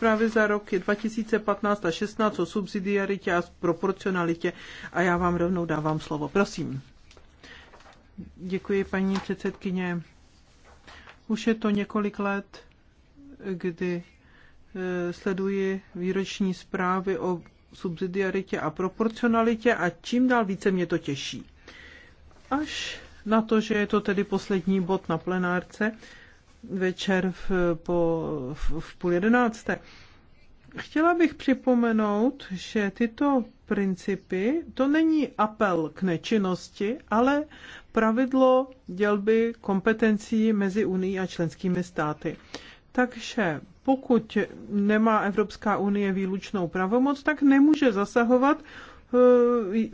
zprávy za roky 2015 a 16 o subsidiaritě a proporcionalitě a já vám rovnou dávám slovo. Prosím. Děkuji, paní předsedkyně. Už je to několik let, kdy e, sleduji výroční zprávy o subsidiaritě a proporcionalitě a čím dál více mě to těší. Až na to, že je to tedy poslední bod na plenárce, večer v, po, v, v půl jedenácté. Chtěla bych připomenout, že tyto principy, to není apel k nečinnosti, ale pravidlo dělby kompetencí mezi Unii a členskými státy. Takže pokud nemá Evropská unie výlučnou pravomoc, tak nemůže zasahovat Eh,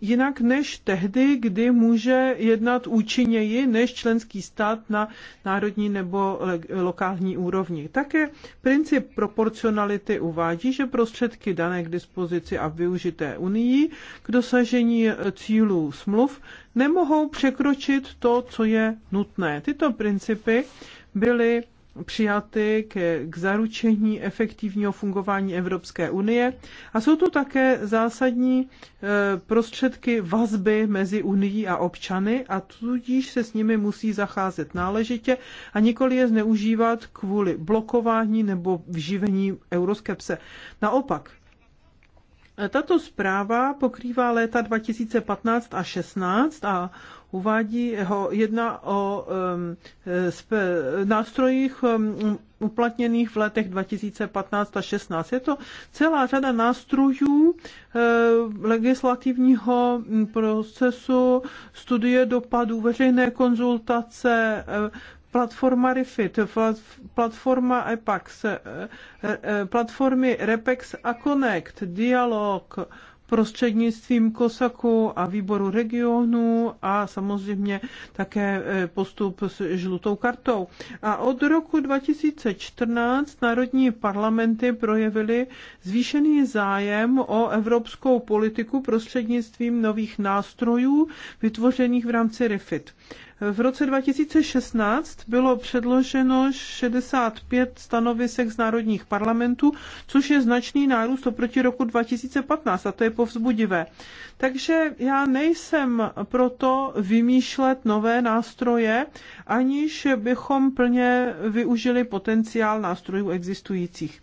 jinak než tehdy, kdy může jednat účinněji než členský stát na národní nebo lokální úrovni. Také princip proporcionality uvádí, že prostředky dané k dispozici a využité unii k dosažení cílů smluv nemohou překročit to, co je nutné. Tyto principy byly přijaty k, k zaručení efektivního fungování Evropské unie a jsou to také zásadní e, prostředky vazby mezi unii a občany a tudíž se s nimi musí zacházet náležitě a nikoli je zneužívat kvůli blokování nebo vživení euroskepse. Naopak, tato zpráva pokrývá léta 2015 a 16 a uvádí ho jedna o um, nástrojích um, uplatněných v letech 2015 a 16. Je to celá řada nástrojů uh, legislativního procesu, studie dopadů, veřejné konzultace, uh, platforma Refit, platforma EPAX, eh, eh, eh, platformy REPEX a CONNECT, dialog prostřednictvím Kosaku a výboru regionu a samozřejmě také postup s žlutou kartou. A od roku 2014 národní parlamenty projevily zvýšený zájem o evropskou politiku prostřednictvím nových nástrojů vytvořených v rámci REFIT. V roce 2016 bylo předloženo 65 stanovisek z národních parlamentů, což je značný nárůst oproti roku 2015 a to je povzbudivé. Takže já nejsem proto vymýšlet nové nástroje, aniž bychom plně využili potenciál nástrojů existujících.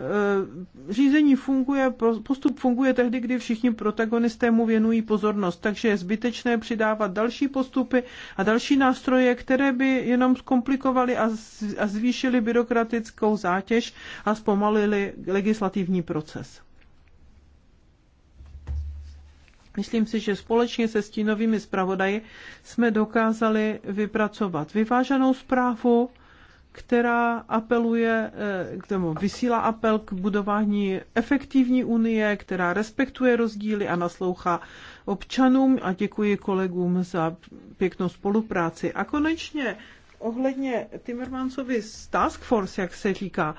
Eh, řízení funguje, postup funguje tehdy, kdy všichni protagonisté mu věnují pozornost, takže je zbytečné přidávat další postupy a další nástroje, které by jenom zkomplikovaly a zvýšily byrokratickou zátěž a zpomalily legislativní proces. Myslím si, že společně se stínovými zpravodaji jsme dokázali vypracovat vyváženou zprávu, která apeluje eh, k tomu, vysílá apel k budování efektivní unie, která respektuje rozdíly a naslouchá občanům a děkuji kolegům za pěknou spolupráci. A konečně ohledně Timmermansovi z Task Force, jak se říká,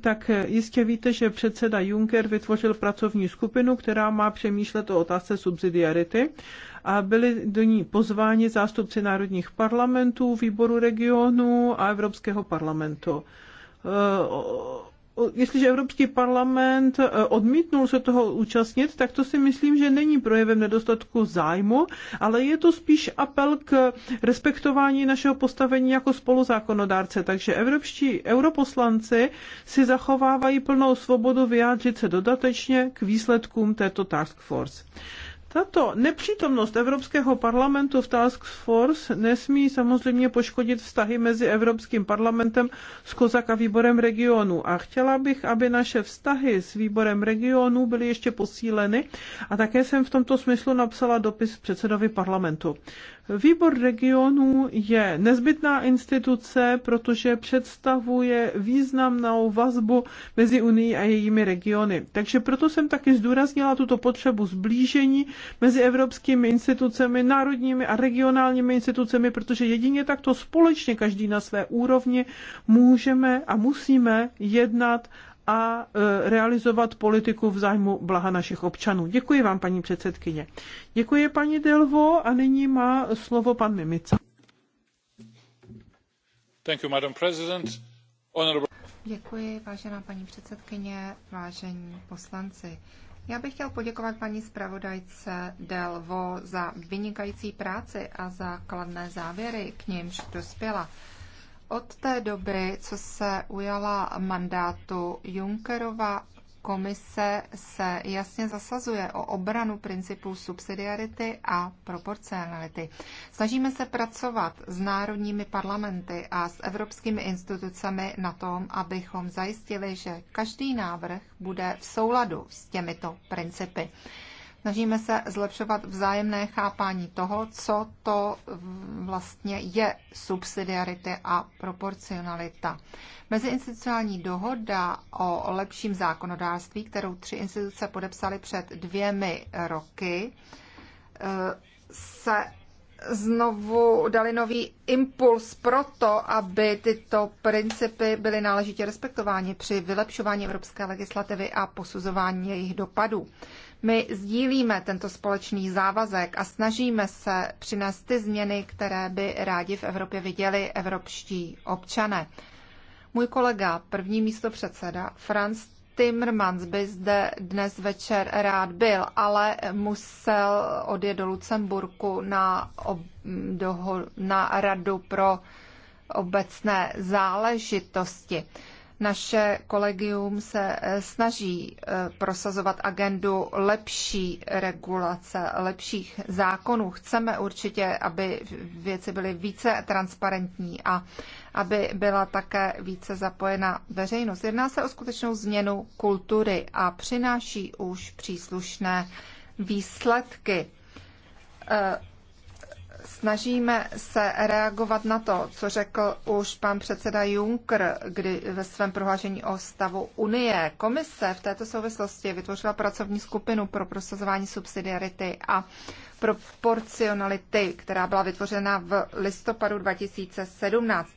tak eh, jistě víte, že předseda Juncker vytvořil pracovní skupinu, která má přemýšlet o otázce subsidiarity a byli do ní pozváni zástupci národních parlamentů, výboru regionu a Evropského parlamentu e, jestliže Evropský parlament e, odmítnul se toho účastnit, tak to si myslím, že není projevem nedostatku zájmu, ale je to spíš apel k respektování našeho postavení jako spoluzákonodárce. Takže evropští europoslanci si zachovávají plnou svobodu vyjádřit se dodatečně k výsledkům této task force. Tato nepřítomnost Evropského parlamentu v Task Force nesmí samozřejmě poškodit vztahy mezi Evropským parlamentem s Kozak a výborem regionu. A chtěla bych, aby naše vztahy s výborem regionu byly ještě posíleny a také jsem v tomto smyslu napsala dopis předsedovi parlamentu. Výbor regionů je nezbytná instituce, protože představuje významnou vazbu mezi Unii a jejími regiony. Takže proto jsem taky zdůraznila tuto potřebu zblížení mezi evropskými institucemi, národními a regionálními institucemi, protože jedině takto společně každý na své úrovni můžeme a musíme jednat a e, realizovat politiku v zájmu blaha našich občanů. Děkuji vám, paní předsedkyně. Děkuji, paní Delvo, a nyní má slovo pan Mimica. Thank you, Madam President. Honorable... Děkuji, vážená paní předsedkyně, vážení poslanci. Já bych chtěl poděkovat paní zpravodajce Delvo za vynikající práci a za kladné závěry, k nímž dospěla. Od té doby, co se ujala mandátu, Junckerova komise se jasně zasazuje o obranu principů subsidiarity a proporcionality. Snažíme se pracovat s národními parlamenty a s evropskými institucemi na tom, abychom zajistili, že každý návrh bude v souladu s těmito principy. Snažíme se zlepšovat vzájemné chápání toho, co to vlastně je subsidiarity a proporcionalita. Meziinstitucionální dohoda o lepším zákonodárství, kterou tři instituce podepsaly před dvěmi roky, eh, se znovu dali nový impuls pro to, aby tyto principy byly náležitě respektovány při vylepšování evropské legislativy a posuzování jejich dopadů. My sdílíme tento společný závazek a snažíme se přinést ty změny, které by rádi v Evropě viděli evropští občané. Můj kolega, první místo předseda, Franz Timmermans by zde dnes večer rád byl, ale musel odjet do Lucemburku na, ob, doho, na radu pro obecné záležitosti. Naše kolegium se eh, snaží eh, prosazovat agendu lepší regulace, lepších zákonů. Chceme určitě, aby věci byly více transparentní a aby byla také více zapojena veřejnost. Jedná se o skutečnou změnu kultury a přináší už příslušné výsledky eh, snažíme se reagovat na to, co řekl už pan předseda Juncker, kdy ve svém prohlášení o stavu Unie. Komise v této souvislosti vytvořila pracovní skupinu pro prosazování subsidiarity a proporcionality, která byla vytvořena v listopadu 2017.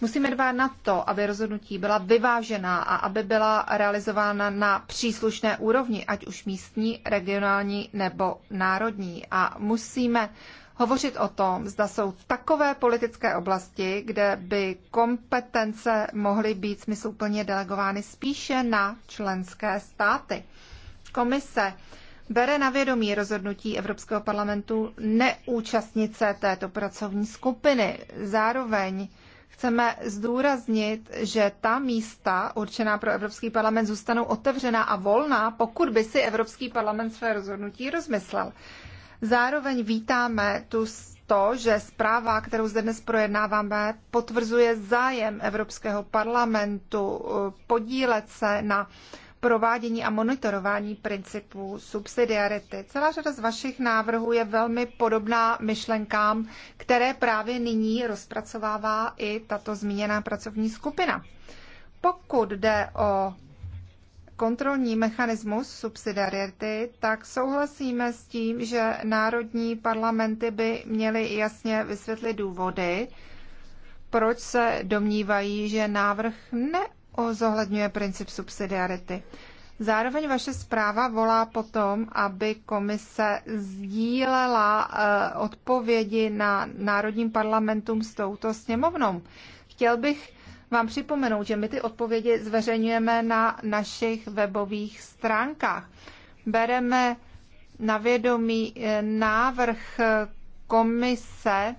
Musíme dbát na to, aby rozhodnutí byla vyvážená a aby byla realizována na příslušné úrovni, ať už místní, regionální nebo národní. A musíme hovořit o tom, zda jsou takové politické oblasti, kde by kompetence mohly být smysluplně delegovány spíše na členské státy. Komise bere na vědomí rozhodnutí Evropského parlamentu neúčastnit se této pracovní skupiny. Zároveň chceme zdůraznit, že ta místa určená pro Evropský parlament zůstanou otevřená a volná, pokud by si Evropský parlament své rozhodnutí rozmyslel. Zároveň vítáme tu to, že zpráva, kterou zde dnes projednáváme, potvrzuje zájem Evropského parlamentu eh, podílet se na provádění a monitorování principu subsidiarity. Celá řada z vašich návrhů je velmi podobná myšlenkám, které právě nyní rozpracovává i tato zmíněná pracovní skupina. Pokud jde o kontrolní mechanismus subsidiarity, tak souhlasíme s tím, že národní parlamenty by měly jasně vysvětlit důvody, proč se domnívají, že návrh neozohledňuje princip subsidiarity. Zároveň vaše zpráva volá potom, aby komise sdílela eh, odpovědi na národním parlamentům s touto sněmovnou. Chtěl bych vám připomenout, že my ty odpovědi zveřejňujeme na našich webových stránkách. Bereme na vědomí eh, návrh eh, komise,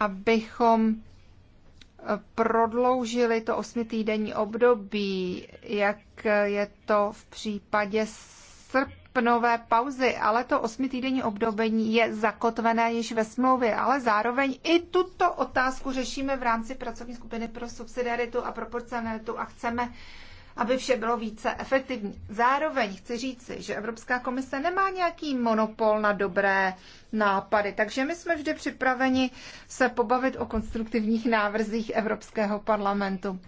abychom eh, prodloužili to osmitýdenní období, jak je to v případě srpnové pauzy, ale to osmitýdenní obdobení je zakotvené již ve smlouvě, ale zároveň i tuto otázku řešíme v rámci pracovní skupiny pro subsidiaritu a proporcionalitu a chceme aby vše bylo více efektivní. Zároveň chci říci, že Evropská komise nemá nějaký monopol na dobré nápady, takže my jsme vždy připraveni se pobavit o konstruktivních návrzích Evropského parlamentu.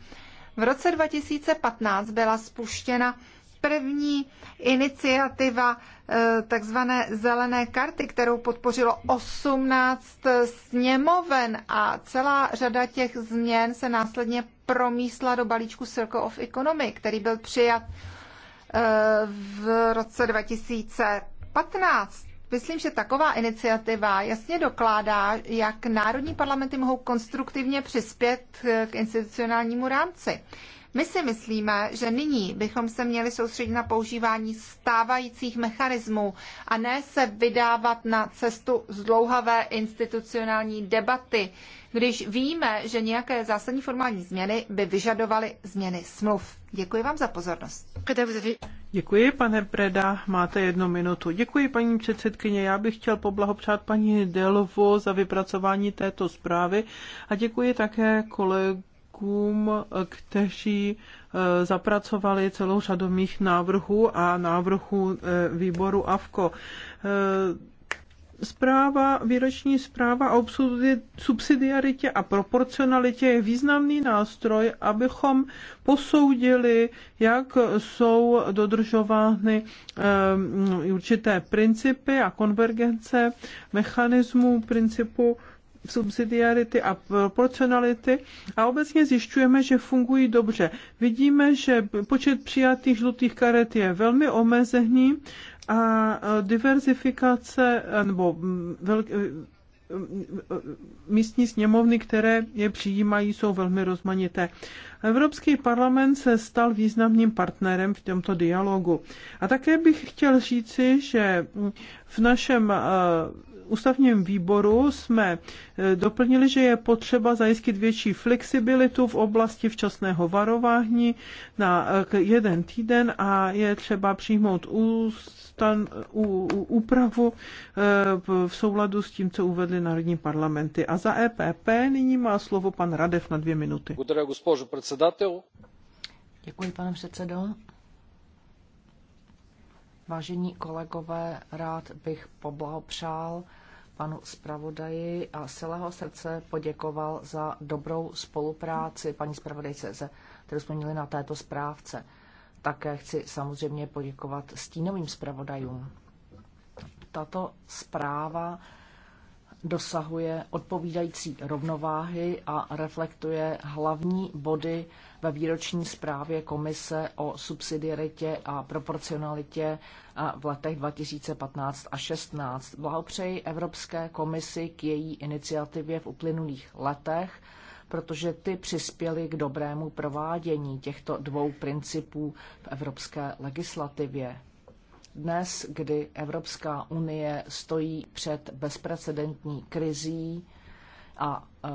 V roce 2015 byla spuštěna první iniciativa eh, takzvané zelené karty, kterou podpořilo 18 sněmoven a celá řada těch změn se následně promísla do balíčku Circle of Economy, který byl přijat eh, v roce 2015. Myslím, že taková iniciativa jasně dokládá, jak národní parlamenty mohou konstruktivně přispět k institucionálnímu rámci. My si myslíme, že nyní bychom se měli soustředit na používání stávajících mechanismů a ne se vydávat na cestu zdlouhavé institucionální debaty, když víme, že nějaké zásadní formální změny by vyžadovaly změny smluv. Děkuji vám za pozornost. Děkuji, pane Preda, máte jednu minutu. Děkuji, paní předsedkyně. Já bych chtěl poblahopřát paní Delvo za vypracování této zprávy a děkuji také kolegům kolegům, eh, kteří eh, zapracovali celou řadu mých návrhů a návrhů eh, výboru AVKO zpráva, výroční zpráva o subsidiaritě a proporcionalitě je významný nástroj, abychom posoudili, jak jsou dodržovány určité principy a konvergence mechanismů principu subsidiarity a proporcionality a obecně zjišťujeme, že fungují dobře. Vidíme, že počet přijatých žlutých karet je velmi omezený a diverzifikace nebo mm, velk, e, e, místní sněmovny, které je přijímají, jsou velmi rozmanité. Evropský parlament se stal významným partnerem v tomto dialogu. A také bych chtěl říci, že v našem e, ústavním výboru jsme e, doplnili, že je potřeba zajistit větší flexibilitu v oblasti včasného varování na e, jeden týden a je třeba přijmout ústan, ú, úpravu e, v souladu s tím, co uvedly národní parlamenty. A za EPP nyní má slovo pan Radev na dvě minuty. Děkuji, pane předsedo. Vážení kolegové, rád bych poblahopřál panu zpravodaji a celého srdce poděkoval za dobrou spolupráci paní zpravodajce, kterou jsme měli na této zprávce. Také chci samozřejmě poděkovat stínovým zpravodajům. Tato zpráva dosahuje odpovídající rovnováhy a reflektuje hlavní body ve výroční zprávě Komise o subsidiaritě a proporcionalitě eh, v letech 2015 a 16. Blahopřeji Evropské komisi k její iniciativě v uplynulých letech, protože ty přispěly k dobrému provádění těchto dvou principů v evropské legislativě dnes, kdy Evropská unie stojí před bezprecedentní krizí a e,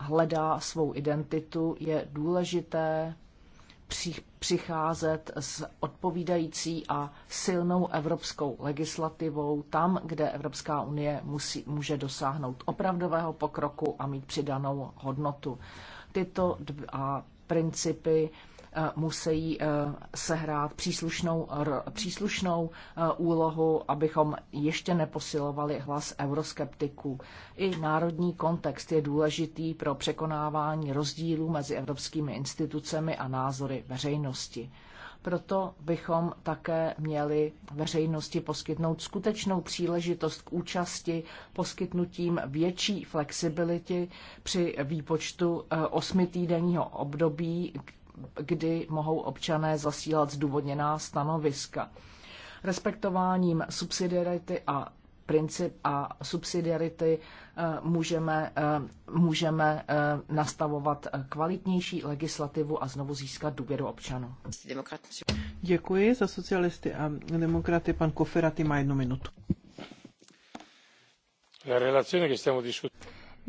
hledá svou identitu, je důležité přicházet s odpovídající a silnou evropskou legislativou tam, kde Evropská unie musí, může dosáhnout opravdového pokroku a mít přidanou hodnotu. Tyto dva principy Eh, musí eh, sehrát příslušnou, příslušnou eh, úlohu, abychom ještě neposilovali hlas euroskeptiků. I národní kontext je důležitý pro překonávání rozdílů mezi evropskými institucemi a názory veřejnosti. Proto bychom také měli veřejnosti poskytnout skutečnou příležitost k účasti poskytnutím větší flexibility při výpočtu osmitýdenního období, kdy mohou občané zasílat zdůvodněná stanoviska. Respektováním subsidiarity a princip a subsidiarity eh, můžeme, eh, můžeme eh, nastavovat kvalitnější legislativu a znovu získat důvěru občanů. Děkuji za socialisty a demokraty. Pan Koferaty má jednu minutu.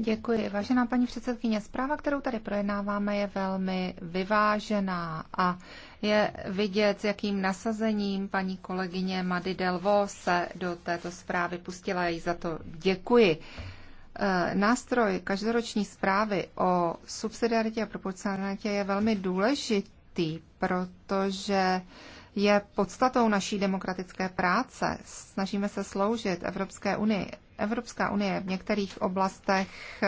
Děkuji. Vážená paní předsedkyně, zpráva, kterou tady projednáváme, je velmi vyvážená a je vidět, s jakým nasazením paní kolegyně Mady Delvo se do této zprávy pustila. Jí za to děkuji. Eh, nástroj každoroční zprávy o subsidiaritě a proporcionalitě je velmi důležitý, protože je podstatou naší demokratické práce. Snažíme se sloužit Evropské unii. Evropská unie v některých oblastech eh,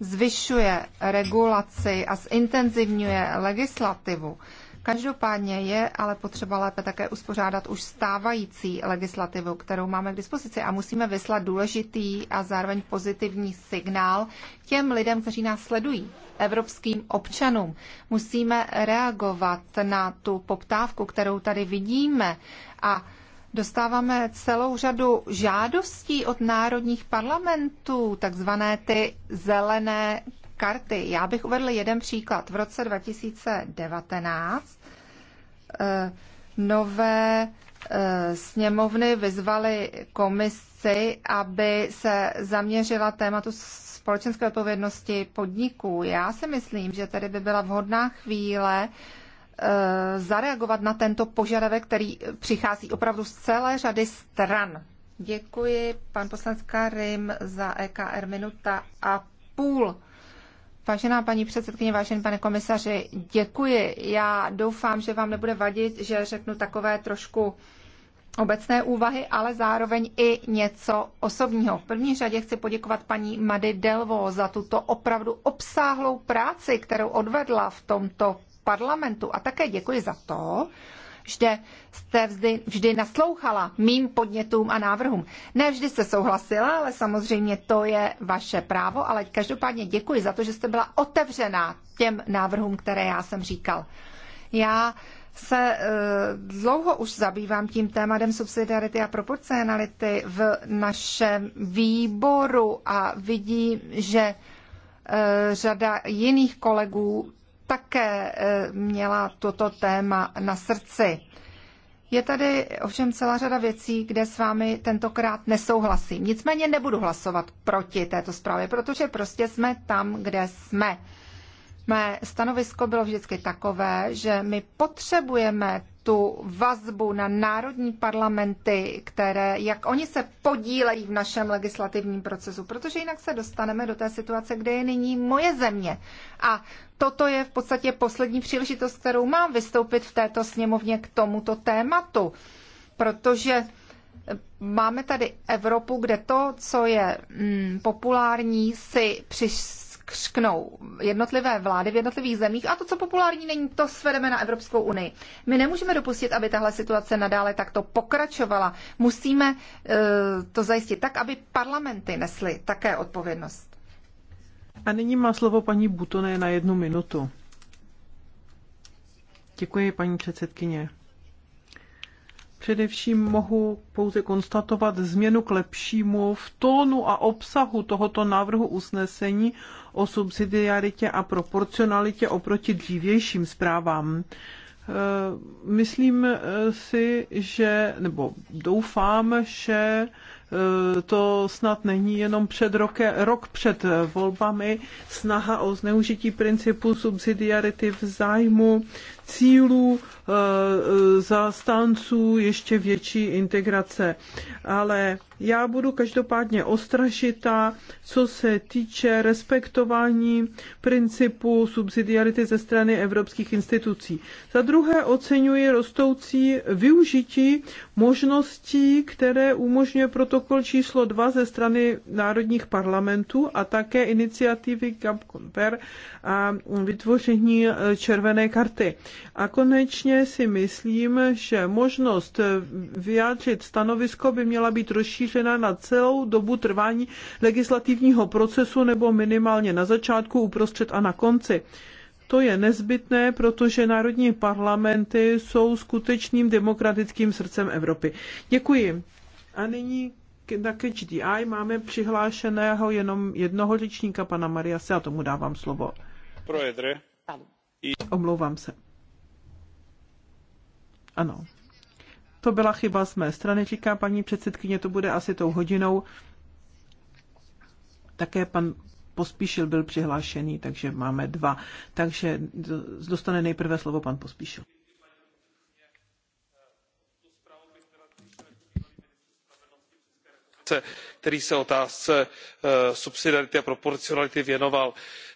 zvyšuje regulaci a zintenzivňuje legislativu. Každopádně je ale potřeba lépe také uspořádat už stávající legislativu, kterou máme k dispozici a musíme vyslat důležitý a zároveň pozitivní signál těm lidem, kteří nás sledují, evropským občanům. Musíme reagovat na tu poptávku, kterou tady vidíme a Dostáváme celou řadu žádostí od národních parlamentů, takzvané ty zelené karty. Já bych uvedl jeden příklad. V roce 2019 eh, nové eh, sněmovny vyzvaly komisi, aby se zaměřila tématu společenské odpovědnosti podniků. Já si myslím, že tady by byla vhodná chvíle Eh, zareagovat na tento požadavek, který přichází opravdu z celé řady stran. Děkuji, pan poslanec Karim, za EKR minuta a půl. Vážená paní předsedkyně, vážený pane komisaři, děkuji. Já doufám, že vám nebude vadit, že řeknu takové trošku obecné úvahy, ale zároveň i něco osobního. V první řadě chci poděkovat paní Mady Delvo za tuto opravdu obsáhlou práci, kterou odvedla v tomto parlamentu. A také děkuji za to, že jste vždy, vždy naslouchala mým podnětům a návrhům. Ne vždy se souhlasila, ale samozřejmě to je vaše právo, ale každopádně děkuji za to, že jste byla otevřená těm návrhům, které já jsem říkal. Já se eh, dlouho už zabývám tím tématem subsidiarity a proporcionality v našem výboru a vidím, že eh, řada jiných kolegů také eh, měla toto téma na srdci. Je tady ovšem celá řada věcí, kde s vámi tentokrát nesouhlasím. Nicméně nebudu hlasovat proti této zprávě, protože prostě jsme tam, kde jsme. Mé stanovisko bylo vždycky takové, že my potřebujeme tu vazbu na národní parlamenty, které, jak oni se podílejí v našem legislativním procesu, protože jinak se dostaneme do té situace, kde je nyní moje země. A toto je v podstatě poslední příležitost, kterou mám vystoupit v této sněmovně k tomuto tématu, protože máme tady Evropu, kde to, co je mm, populární, si přiš křknou jednotlivé vlády v jednotlivých zemích a to, co populární není, to svedeme na Evropskou unii. My nemůžeme dopustit, aby tahle situace nadále takto pokračovala. Musíme eh, to zajistit tak, aby parlamenty nesly také odpovědnost. A nyní má slovo paní Butoné na jednu minutu. Děkuji, paní předsedkyně. Především mohu pouze konstatovat změnu k lepšímu v tónu a obsahu tohoto návrhu usnesení o subsidiaritě a proporcionalitě oproti dřívějším zprávám. E, myslím e, si, že, nebo doufám, že Eh, to snad není jenom před roke, rok před volbami snaha o zneužití principu subsidiarity v zájmu cílů eh, eh, zastánců ještě větší integrace. Ale já budu každopádně ostrašitá, co se týče respektování principu subsidiarity ze strany evropských institucí. Za druhé oceňuji rostoucí využití možností, které umožňuje protokol číslo 2 ze strany národních parlamentů a také iniciativy Gap Compare a vytvoření eh, červené karty. A konečně si myslím, že možnost eh, vyjádřit stanovisko by měla být rozšířena rozšířena na celou dobu trvání legislativního procesu nebo minimálně na začátku, uprostřed a na konci. To je nezbytné, protože národní parlamenty jsou skutečným demokratickým srdcem Evropy. Děkuji. A nyní na KHDI máme přihlášeného jenom jednoho řečníka, pana Se, a tomu dávám slovo. Projedre. Omlouvám se. Ano. To byla chyba z mé strany, říká paní předsedkyně, to bude asi tou hodinou. Také pan Pospíšil byl přihlášený, takže máme dva. Takže dostane nejprve slovo pan Pospíšil. který se otázce eh, subsidiarity a proporcionality věnoval.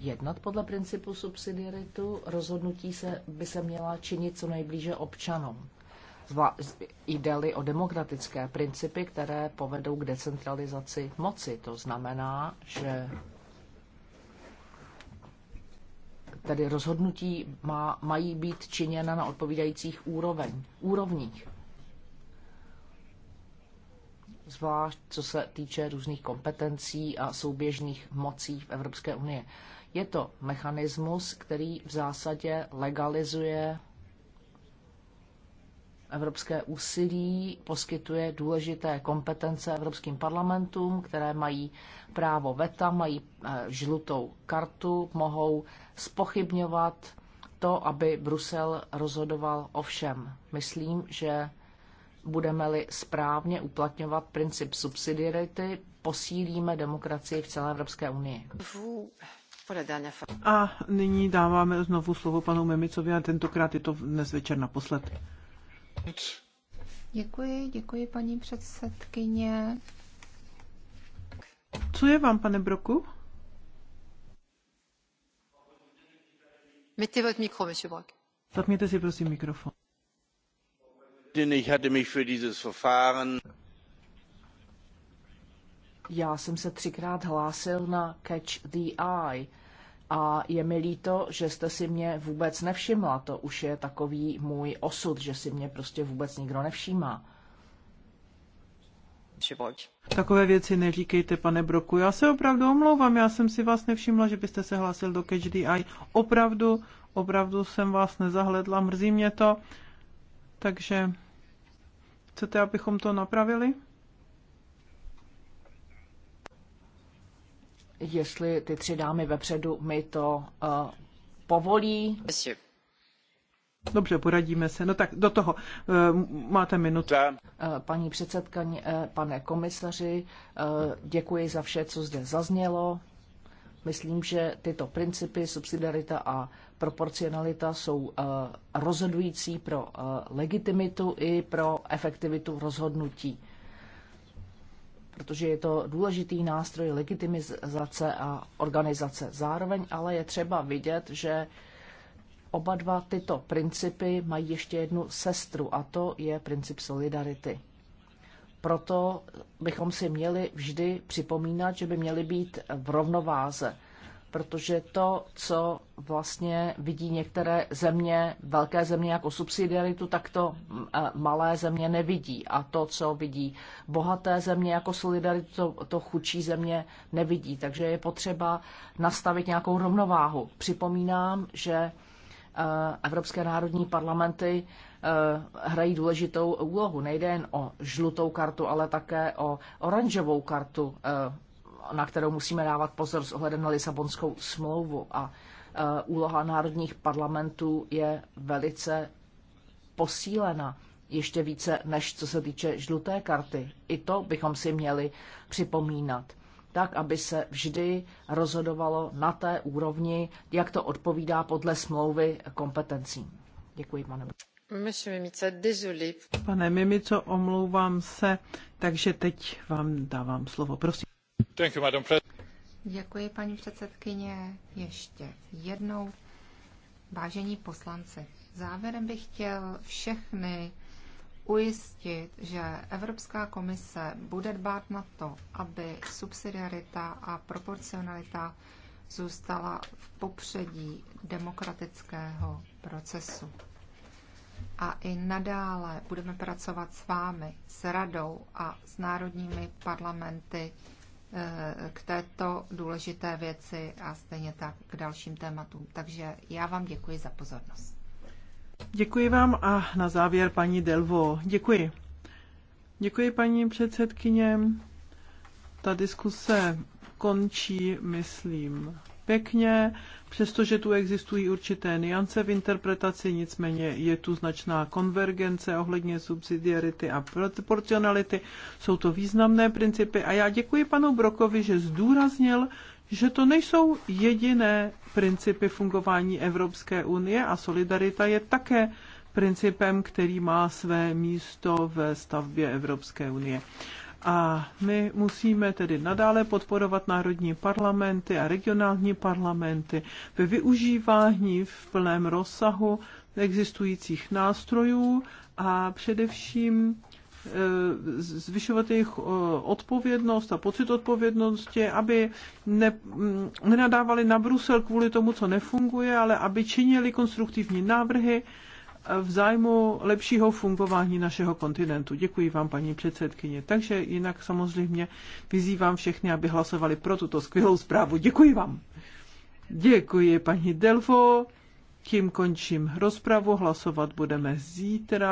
jednat podle principu subsidiaritu, rozhodnutí se by se měla činit co nejblíže občanům. Zvla- jde-li o demokratické principy, které povedou k decentralizaci moci. To znamená, že tedy rozhodnutí má, mají být činěna na odpovídajících úroveň, úrovních. Zvlášť co se týče různých kompetencí a souběžných mocí v Evropské unii. Je to mechanismus, který v zásadě legalizuje evropské úsilí, poskytuje důležité kompetence evropským parlamentům, které mají právo veta, mají eh, žlutou kartu, mohou spochybňovat to, aby Brusel rozhodoval o všem. Myslím, že budeme-li správně uplatňovat princip subsidiarity, posílíme demokracii v celé Evropské unii. A nyní dáváme znovu slovo panu Memicovi a tentokrát je to dnes večer naposled. Děkuji, děkuji paní předsedkyně. Co je vám, pane Broku? Mettez votre micro, monsieur Brock. Zapněte si prosím mikrofon. Ich hatte mich für dieses Verfahren já jsem se třikrát hlásil na Catch the Eye a je mi líto, že jste si mě vůbec nevšimla. To už je takový můj osud, že si mě prostě vůbec nikdo nevšímá. Takové věci neříkejte, pane Broku. Já se opravdu omlouvám, já jsem si vás nevšimla, že byste se hlásil do Catch the Eye. Opravdu, opravdu jsem vás nezahledla, mrzí mě to. Takže chcete, abychom to napravili? jestli ty tři dámy vepředu mi to uh, povolí. Dobře, poradíme se. No tak do toho eh, máte minutu. Eh, paní předsedkyně, pane komisaři, děkuji za vše, co zde zaznělo. Myslím, že tyto principy, subsidiarita a proporcionalita jsou rozhodující pro legitimitu i pro efektivitu rozhodnutí protože je to důležitý nástroj legitimizace a organizace. Zároveň ale je třeba vidět, že oba dva tyto principy mají ještě jednu sestru a to je princip solidarity. Proto bychom si měli vždy připomínat, že by měly být v rovnováze protože to, co vlastně vidí některé země, velké země jako subsidiaritu, tak to mm, eh, malé země nevidí. A to, co vidí bohaté země jako solidaritu, to, to chudší země nevidí. Takže je potřeba nastavit nějakou rovnováhu. Připomínám, že eh, Evropské národní parlamenty eh, hrají důležitou úlohu. Nejde jen o žlutou kartu, ale také o oranžovou kartu na kterou musíme dávat pozor s ohledem na Lisabonskou smlouvu. A e, úloha národních parlamentů je velice posílena ještě více než co se týče žluté karty. I to bychom si měli připomínat tak, aby se vždy rozhodovalo na té úrovni, jak to odpovídá podle smlouvy kompetencím. Děkuji, pane. Pane Mimico, omlouvám se, takže teď vám dávám slovo, prosím. Děkuji, paní předsedkyně, ještě jednou. Vážení poslanci, závěrem bych chtěl všechny ujistit, že Evropská komise bude dbát na to, aby subsidiarita a proporcionalita zůstala v popředí demokratického procesu. A i nadále budeme pracovat s vámi, s radou a s národními parlamenty Eh, k této důležité věci a stejně tak k dalším tématům. Takže já vám děkuji za pozornost. Děkuji vám a na závěr paní Delvo. Děkuji. Děkuji paní předsedkyně. Ta diskuse končí, myslím, pěkně. Přestože tu existují určité niance v interpretaci, nicméně je tu značná konvergence ohledně subsidiarity a proporcionality. Jsou to významné principy a já děkuji panu Brokovi, že zdůraznil, že to nejsou jediné principy fungování Evropské unie a solidarita je také principem, který má své místo ve stavbě Evropské unie. A my musíme tedy nadále podporovat národní parlamenty a regionální parlamenty ve využívání v plném rozsahu existujících nástrojů a především e, zvyšovat jejich e, odpovědnost a pocit odpovědnosti, aby ne, mm, nenadávali na Brusel kvůli tomu, co nefunguje, ale aby činili konstruktivní návrhy v zájmu lepšího fungování našeho kontinentu. Děkuji vám, paní předsedkyně. Takže jinak samozřejmě vyzývám všechny, aby hlasovali pro tuto skvělou zprávu. Děkuji vám. Děkuji, paní Delvo. Tím končím rozpravu. Hlasovat budeme zítra.